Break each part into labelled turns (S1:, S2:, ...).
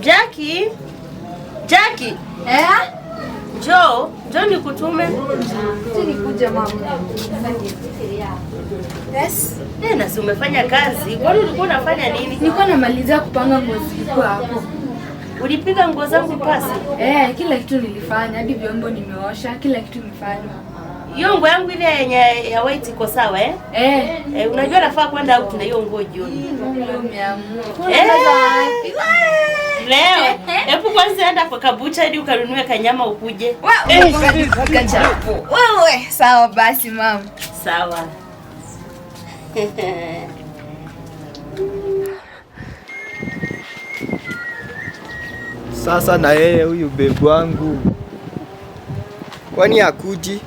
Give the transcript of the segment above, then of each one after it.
S1: Jackie, Jackie. Eh? Jo, jo nikutume. Yes. Eh, na umefanya kazi. Kwani ulikuwa unafanya nini?
S2: Nilikuwa namaliza kupanga nguo zilikuwa hapo.
S1: Ulipiga nguo zangu pasi?
S2: Eh, kila kitu nilifanya, hadi vyombo nimeosha, kila kitu nilifanya.
S1: Hiyo nguo yangu ile yenye ya white iko sawa eh? Eh. Eh, unajua nafaa kwenda out na hiyo nguo jioni.
S2: Ndio umeamua.
S1: Eh leo. Hebu kwanza enda kwa kabucha hadi ukanunue kanyama ukuje.
S2: Eh, wewe, sawa basi mama.
S1: Sawa.
S3: Sasa na yeye huyu bebu wangu kwani akuji?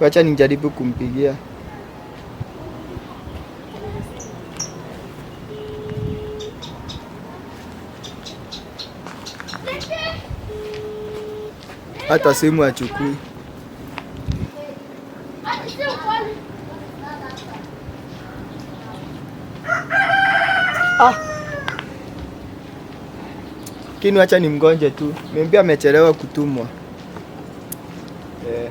S3: Wacha nijaribu kumpigia. hata simu achukui. Ah, kinu acha ni mgonje tu, niambia amechelewa kutumwa eh.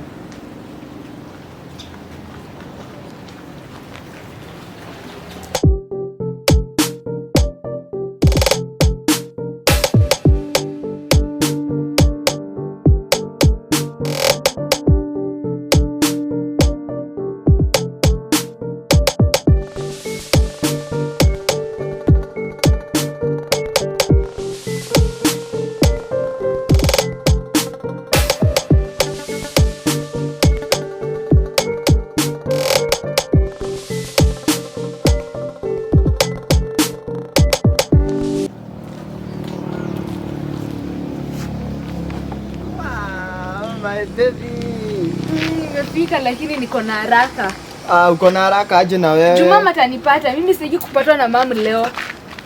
S3: my baby.
S2: Nimefika mm, lakini niko na haraka.
S3: Ah, uko na haraka aje na wewe?
S2: Juma matanipata. Mimi siji kupatwa na mam leo.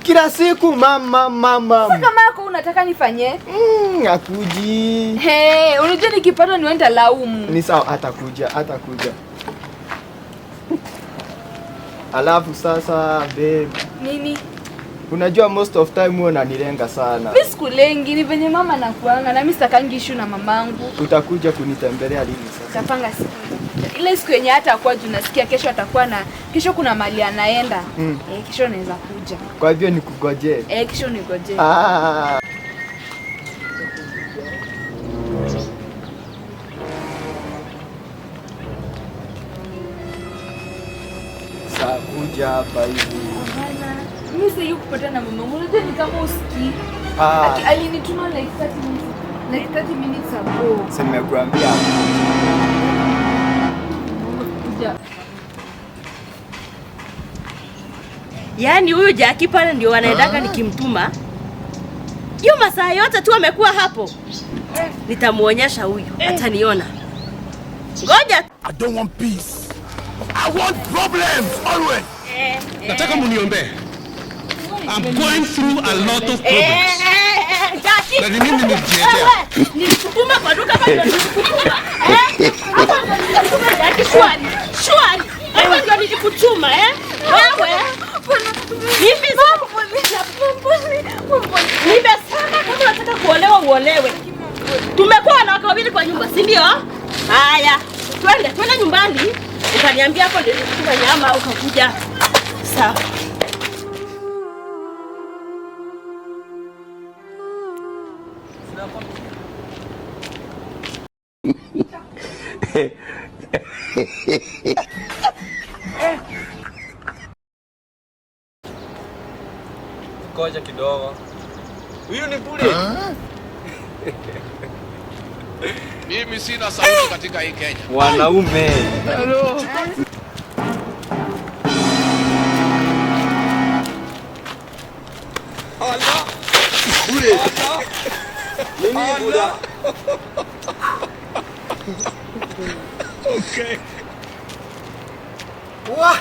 S3: Kila siku mama mama.
S2: Sasa kama yako unataka nifanye?
S3: Mm, akuji.
S2: Hey, unajua nikipatwa niwenda laumu.
S3: Ni sawa, atakuja, atakuja. Alafu sasa babe. Nini? Unajua most of time huwa unanilenga sana.
S2: Mimi sikulengi, ni venye mama nakuanga na mimi sitakangi issue na mamangu.
S3: Utakuja kunitembelea lini
S2: sasa? Tapanga siku. Ile siku yenye hata akuwa juu nasikia kesho atakuwa na kesho kuna mali anaenda. Mm. Eh, kesho naweza kuja.
S3: Kwa hivyo nikugojee.
S2: Eh, kesho nigojee.
S3: Ah. Sakuja hapa hivi
S2: mimi sasa hiyo na mama unajua ni kama Ah. Alinituma like 30 minutes. Like 30 minutes ago.
S3: Sasa
S1: Yaani huyu Jaki pale ndio wanaendaka ah. nikimtuma. Hiyo masaa yote tu amekuwa hapo. Eh. Nitamuonyesha huyu, eh. ataniona. Ngoja.
S4: I don't want peace. I want problems always. Eh, Nataka muniombe. I'm going through a lot of problems. Na kwa Eh?
S1: eh? eh, eh
S4: nimesema yaani
S1: eh, kama unataka kuolewa uolewe. Tumekuwa wanawake wawili kwa nyumba, si ndio? Haya, twende twende nyumbani, ukaniambia hapo ndio nyama ukakuja. Sawa.
S5: Koja kidogo. Huyu ni bure.
S6: Mimi sina sauti katika hii Kenya.
S5: Wanaume.
S7: Hello.
S6: Allah. Bure. Mimi bure. Okay.
S5: Wah.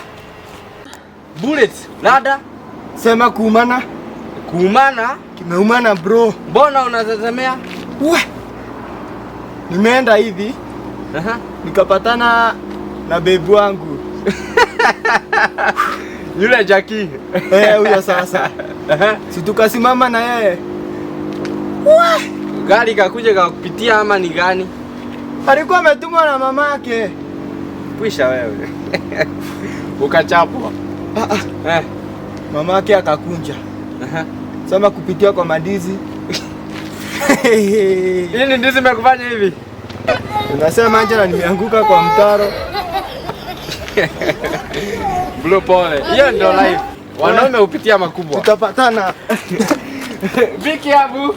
S5: Bullets, lada.
S7: Sema kuumana.
S5: Kuumana?
S7: Kimeumana bro.
S5: Mbona unazazamea?
S7: Wa. Nimeenda hivi. Aha. Nikapatana na bebu wangu.
S5: Yule Jackie.
S7: Eh, huyo sasa. Si tukasimama na yeye.
S5: Gari kakuja kakupitia ama ni gani?
S7: alikuwa ametumwa na mamake.
S5: Pwisha wewe ukachapwa. Ah, ah, eh.
S7: Mamake akakunja Aha. Sema kupitia kwa mandizi
S5: Hii ndizi imekufanya hivi?
S7: Unasema anje na nimeanguka kwa mtaro.
S5: Blue pole. Hiyo ndio life. Wanaume hupitia makubwa.
S7: Tutapatana.
S5: Biki abu.